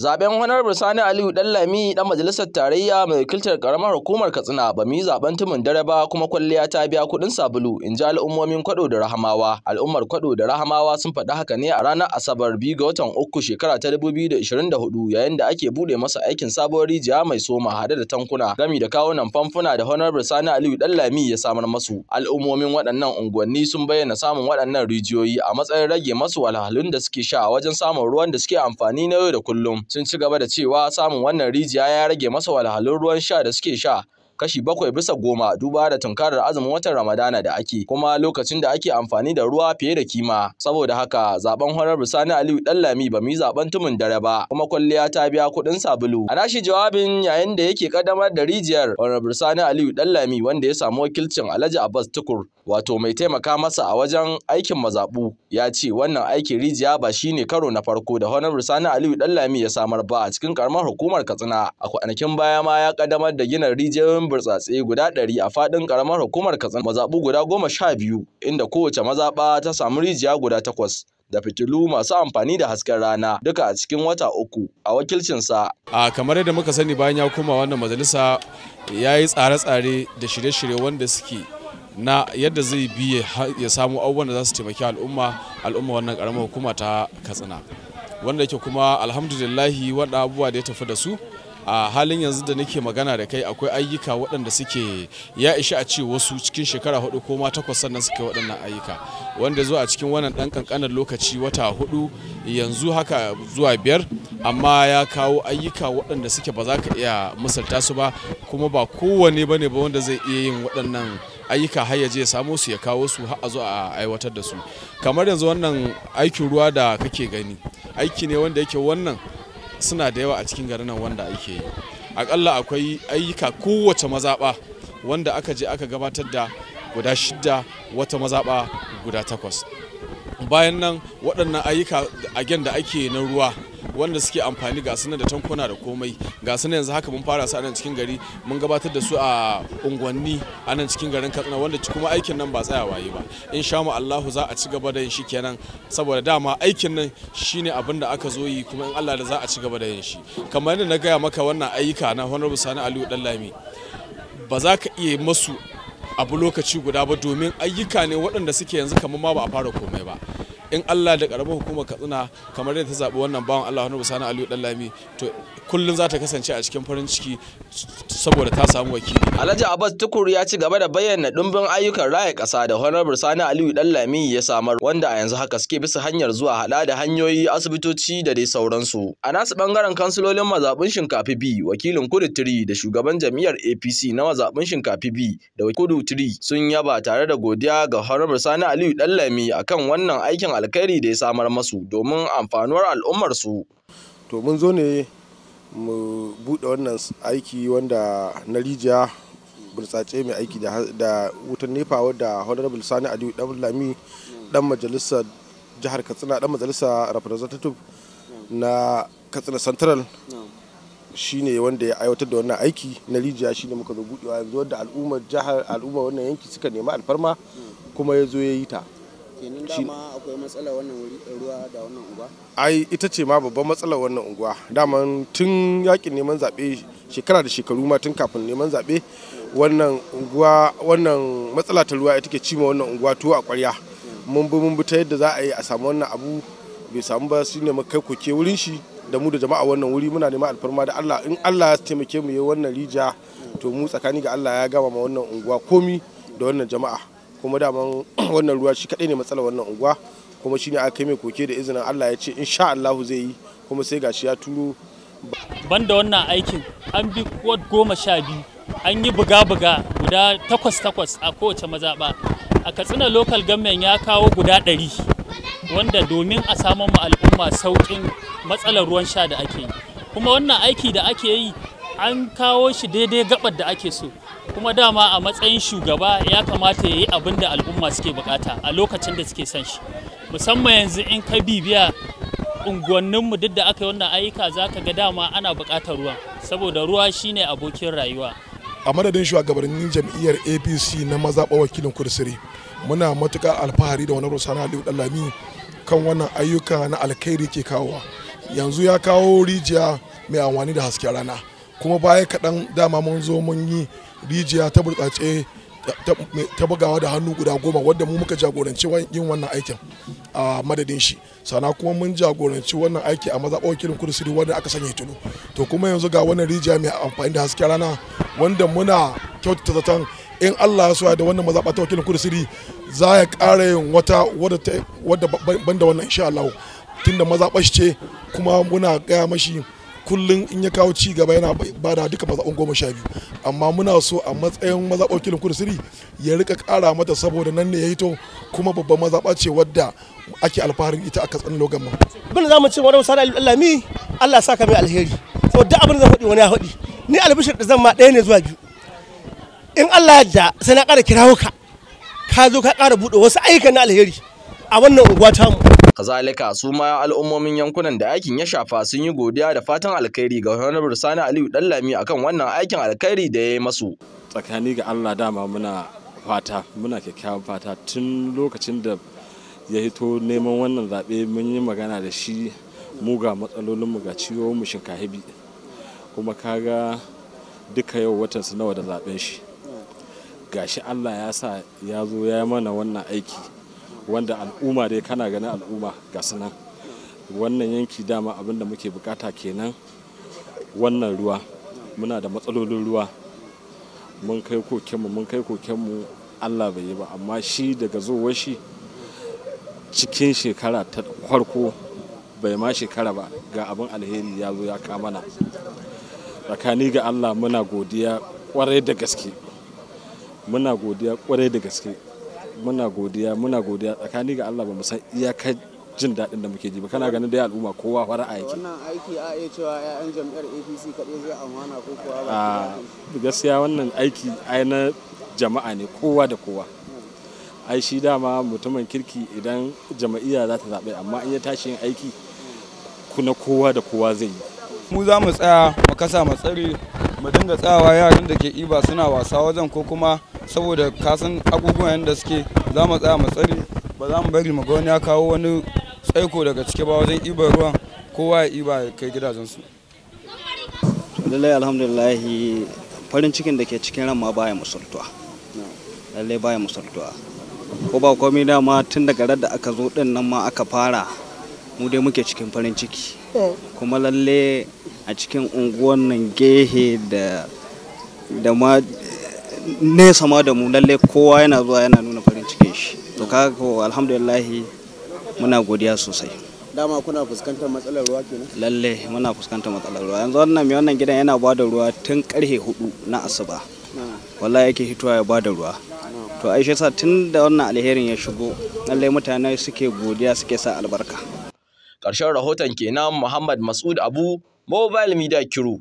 Zaben Honorable Sani Aliyu lami dan majalisar tarayya mai wakiltar karamar hukumar Katsina ba mu yi zaben tumin dare ba kuma kwalliya ta biya kuɗin sabulu in ji al'ummomin Kwado da Rahamawa. Al'ummar Kwado da Rahamawa sun faɗi haka ne a ranar Asabar biyu ga watan uku shekara ta dubu biyu da da hudu, yayin da ake buɗe masa aikin sabuwar rijiya mai soma hade da tankuna gami da kawunan famfuna da Honorable Sani Aliyu lami ya samar masu. Al'ummomin waɗannan unguwanni sun bayyana samun waɗannan rijiyoyi a matsayin rage masu wahalhalun da suke sha wajen samun ruwan da suke amfani na yau da kullum. sun ci gaba da cewa samun wannan rijiya ya rage masa walhalun ruwan sha da suke sha kashi bakwai bisa goma duba da tunkarar azumin watan Ramadana da ake kuma lokacin da ake amfani da ruwa fiye da kima saboda haka zaben horar Sani Aliyu Dallami ba mu yi zaben tumun dare ba kuma kwalliya ta biya kuɗin sabulu a nashi jawabin yayin da yake kaddamar da rijiyar horar Sani Aliyu Dallami wanda ya samu wakilcin Alhaji Abbas Tukur wato mai taimaka masa a wajen aikin mazaɓu ya ce wannan aikin rijiya ba shine karo na farko da honar Sani Aliyu Dallami ya samar ba a cikin karamar hukumar Katsina a kwanakin baya ma ya kaddamar da gina rijiyoyin burtsatse guda ɗari a faɗin ƙaramar hukumar Katsina mazaɓu guda goma sha biyu inda kowace mazaɓa ta samu rijiya guda takwas. da fitilu masu amfani da hasken rana duka a cikin wata uku a wakilcinsa. A kamar yadda muka sani bayan ya koma wannan majalisa ya yi tsare-tsare da shirye-shirye wanda suke na yadda zai bi ya samu abubuwan da za su taimaki al'umma al'umma wannan karamar hukuma ta katsina wanda yake kuma alhamdulillahi wanda abubuwa da ya tafi da su a halin yanzu da nake magana da kai akwai ayyuka waɗanda suke ya ishi a ce wasu cikin shekara hudu ko ma takwas sannan suka waɗannan ayyuka wanda zuwa cikin wannan ɗan ƙanƙanar lokaci wata hudu yanzu haka zuwa biyar amma ya kawo ayyuka waɗanda suke ba za ka iya misalta su ba kuma ba kowane ne ba wanda zai iya yin waɗannan ayyuka har ya je samo su ya kawo su har a zo a aiwatar da su kamar yanzu wannan aikin ruwa da kake gani aiki ne wanda yake wannan suna da yawa a cikin garin nan wanda ake yi akalla akwai ayyuka kowace mazaɓa wanda aka je aka gabatar da guda shida wata mazaɓa guda takwas bayan nan waɗannan ayyuka a da ake na ruwa wanda suke amfani ga sunan da tankuna da komai ga sunan yanzu haka mun fara su a nan cikin gari mun gabatar da su a unguwanni a nan cikin garin katsina wanda kuma aikin nan ba tsayawa yi ba in sha mu allahu za a ci gaba da yin shi kenan saboda dama aikin nan shine abin da aka zo yi kuma in allah da za a ci gaba da yin shi kamar yadda na gaya maka wannan ayyuka na honorable sani aliyu dallami ba za ka iya masu abu lokaci guda ba domin ayyuka ne waɗanda suke yanzu kamar ma ba a fara komai ba in Allah da karamar hukumar Katsina kamar yadda ta zaɓi wannan bawan Allah wani Sani Aliyu Dallami to kullum za ta kasance a cikin farin ciki saboda ta samu wakili alhaji abbas tukur ya ci gaba da bayyana dumbin ayyukan raya ƙasa da honorable sani aliyu dallami ya samar wanda a yanzu haka suke bisa hanyar zuwa hada da hanyoyi asibitoci da dai sauransu a nasu bangaren kansilolin mazaɓin shinkafi b wakilin kudu tiri da shugaban jam'iyyar apc na mazaɓin shinkafi b da kudu tiri sun yaba tare da godiya ga honorable sani aliyu dallami akan wannan aikin alkhairi da ya samar masu domin amfanuwar al'ummarsu to mun zo ne mu buɗe wannan aiki wanda na rijiya burtsatse mai aiki da wutan nepa wadda honorable sani aliyu dan lami dan majalisa jihar katsina dan majalisa representative na katsina central shine wanda ya aiwatar da wannan aiki na rijiya shine muka zo buɗewa yanzu wadda al'ummar jihar al'ummar wannan yanki suka nemi alfarma kuma ya zo ya yi ta kenan dama ai ita ce ma babban matsalar wannan unguwa dama tun yakin neman zaɓe shekara da shekaru ma tun kafin neman zaɓe wannan unguwa wannan matsala ta ruwa ita ke cima wannan unguwa tuwo a ƙwarya mun bi mun bi ta yadda za a yi a samu wannan abu bai samu ba su ne kai koke wurin shi da mu da jama'a wannan wuri muna neman alfarma da Allah in Allah ya taimake mu yi wannan rija to mu tsakani ga Allah ya gama ma wannan unguwa komi da wannan jama'a kuma daman wannan ruwa shi kaɗai ne matsalar wannan unguwa kuma shine aka kai mai koke da izinin Allah ya ce insha Allah zai yi kuma sai gashi ya turo banda wannan aikin an bi kod goma sha biyu an yi buga-buga guda takwas-takwas a kowace mazaɓa a katsina local government ya kawo guda ɗari wanda domin a samu mu al'umma sauƙin matsalar ruwan sha da ake yi kuma wannan aiki da ake yi an kawo shi daidai gabar da ake so kuma dama a matsayin shugaba ya kamata ya yi abin da al'umma suke bukata a lokacin da suke son shi musamman yanzu in ka bibiya unguwanninmu duk da aka yi wannan ayyuka za ka ga dama ana bukatar ruwa saboda ruwa shine abokin rayuwa a madadin shugabannin jam'iyyar apc na mazaɓa wakilin kursiri muna matuƙar alfahari da wani rusana aliyu lami kan wannan ayyuka na alkhairi ke kawowa yanzu ya kawo rijiya mai amfani da hasken rana kuma baya kaɗan dama mun zo mun yi rijiya ta burtsatse ta bugawa da hannu guda goma wadda mu muka jagoranci yin wannan aikin a madadin shi sana kuma mun jagoranci wannan aiki a mazaɓar wakilin kudu wadda aka sanya tulu to kuma yanzu ga wannan rijiya mai amfani da hasken rana wanda muna kyautata zaton in allah ya soya da wannan mazaɓa ta wakilin kudu za ya ƙara yin wata wadda banda wannan insha allah tunda mazaɓar ce kuma muna gaya mashi kullum in ya kawo ci gaba yana ba da duka mazaɓun goma sha biyu amma muna so a matsayin mazaɓar kilin kudu siri ya rika ƙara mata saboda nan ne ya hito kuma babban mazaɓa ce wadda ake alfaharin ita a katsan logan ma. bin za mu ce wani musa alami allah sa ka mai alheri to duk abin da faɗi wani ya faɗi ni albishir da zan ma ɗaya ne zuwa biyu in allah ya da sai na ƙara kirawo ka ka zo ka ƙara buɗe wasu ayyukan na alheri a wannan unguwa tamu kazalika su ma al'ummomin yankunan da aikin ya shafa sun yi godiya da fatan alkhairi ga honorable sani aliyu dallami akan wannan aikin alkhairi da ya yi masu tsakani ga allah dama muna fata muna kyakkyawan fata tun lokacin da ya hito neman wannan zaɓe mun yi magana da shi mu ga matsalolinmu ga mu shinkahibi kuma kaga duka yau watan su nawa da zaɓen shi gashi allah ya sa ya zo ya yi mana wannan aiki wanda al'umma dai kana ganin al'umma ga sanan wannan yanki dama abinda muke bukata kenan wannan ruwa muna da matsalolin ruwa mun kai kokenmu mun kai kokenmu allah bai yi ba amma shi daga zuwa shi cikin shekara ta farko bai ma shekara ba ga abin alheri ya zo ya kamana tsakani ga allah muna godiya kwarai da gaske muna godiya kwarai da gaske muna godiya muna godiya tsakani ga Allah ba mu san iyakar jin daɗin da muke ji ba kana ganin dai al'umma kowa a yake wannan aiki a iya cewa ƴaƴan jam'iyyar APC kaɗai zai amana ko kowa ba ah, gaskiya wannan aiki ai na jama'a ne kowa da kowa ai shi dama mutumin kirki idan jama'iyya za ta zaɓe amma in ya tashi yin aiki kuna kowa da kowa zai yi mu za mu tsaya mu kasa mu mu dinga tsayawa yaran da ke iba suna wasa wajen ko kuma saboda kasan abubuwan yadda suke za mu tsaya mu tsare ba za mu bari mu ga wani ya kawo wani tsaiko daga ciki ba wajen ibar ruwan kowa ya iba ya kai gidajensu lallai alhamdulillah farin cikin da ke cikin ran ma baya musultuwa lallai baya musultuwa ko ba komai dama tun daga da aka zo din nan ma aka fara mu dai muke cikin farin ciki kuma lallai a cikin unguwan nan gehe da da ma nesa ma da mu lalle kowa yana zuwa yana nuna farin cikin shi to kaga ko alhamdulillah muna godiya sosai dama kuna fuskantar matsalar ruwa kenan lalle muna fuskantar matsalar ruwa yanzu wannan mai wannan gidan yana bada ruwa tun karhe hudu na asuba wallahi yake hitowa ya bada ruwa to aisha sa tun da wannan alherin ya shigo lalle mutane suke godiya suke sa albarka karshen rahoton kenan muhammad masud abu mobile media crew